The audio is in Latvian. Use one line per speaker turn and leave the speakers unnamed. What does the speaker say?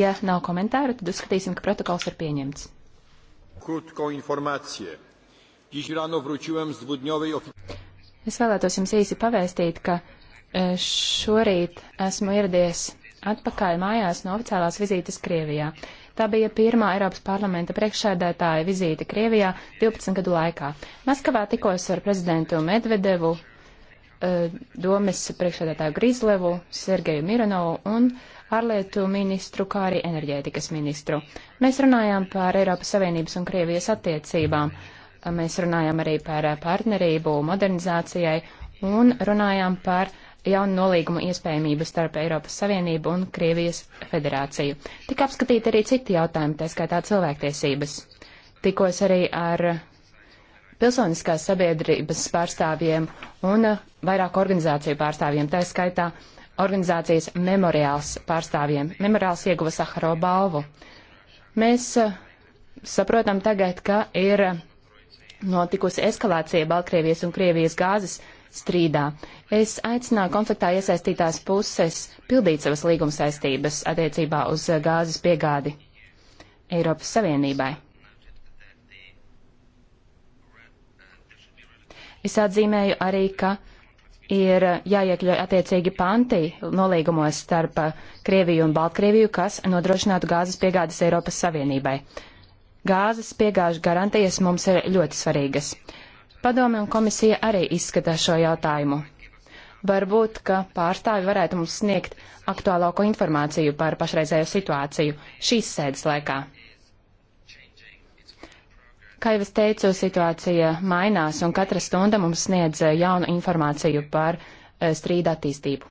Ja nav komentāru, tad uzskatīsim, ka protokols ir pieņemts. Es vēlētos jums īsi pavēstīt, ka e, šorīt esmu ieradies atpakaļ mājās no oficiālās vizītes Krievijā. Tā bija pirmā Eiropas parlamenta priekšsēdētāja vizīte Krievijā 12 gadu laikā. Maskavā tikos ar prezidentu Medvedevu, Eh, domes priekšsēdētāju Grizlevu, Sergeju Miranovu un ārlietu ministru, kā arī enerģētikas ministru. Mēs runājām par Eiropas Savienības un Krievijas attiecībām. Mēs runājām arī par partnerību modernizācijai un runājām par jaunu nolīgumu iespējamību starp Eiropas Savienību un Krievijas federāciju. Tik apskatīti arī citi jautājumi, tā skaitā cilvēktiesības. Tikos arī ar pilsoniskās sabiedrības pārstāvjiem un eh, vairāku organizāciju pārstāvjiem, tā skaitā organizācijas memoriāls pārstāvjiem. Memoriāls ieguva Saharo balvu. Mēs eh, saprotam tagad, ka ir eh, notikusi eskalācija Baltkrievijas un Krievijas gāzes strīdā. Es aicināju konfliktā iesaistītās puses pildīt savas līguma saistības attiecībā uz gāzes piegādi Eiropas Savienībai. Es atzīmēju arī, ka ir jāiekļauj attiecīgi panti nolīgumos starp Krieviju un Baltkrieviju, kas nodrošinātu gāzes piegādes Eiropas Savienībai. Gāzes piegāžu garantijas mums ir ļoti svarīgas. Padome un komisija arī izskatā šo jautājumu. Varbūt, ka pārstāvi varētu mums sniegt aktuālāko informāciju par pašreizējo situāciju šīs sēdes laikā. Kā jau es teicu, situācija mainās, un katra stunda mums sniedz eh, jaunu informāciju par eh, strīda attīstību.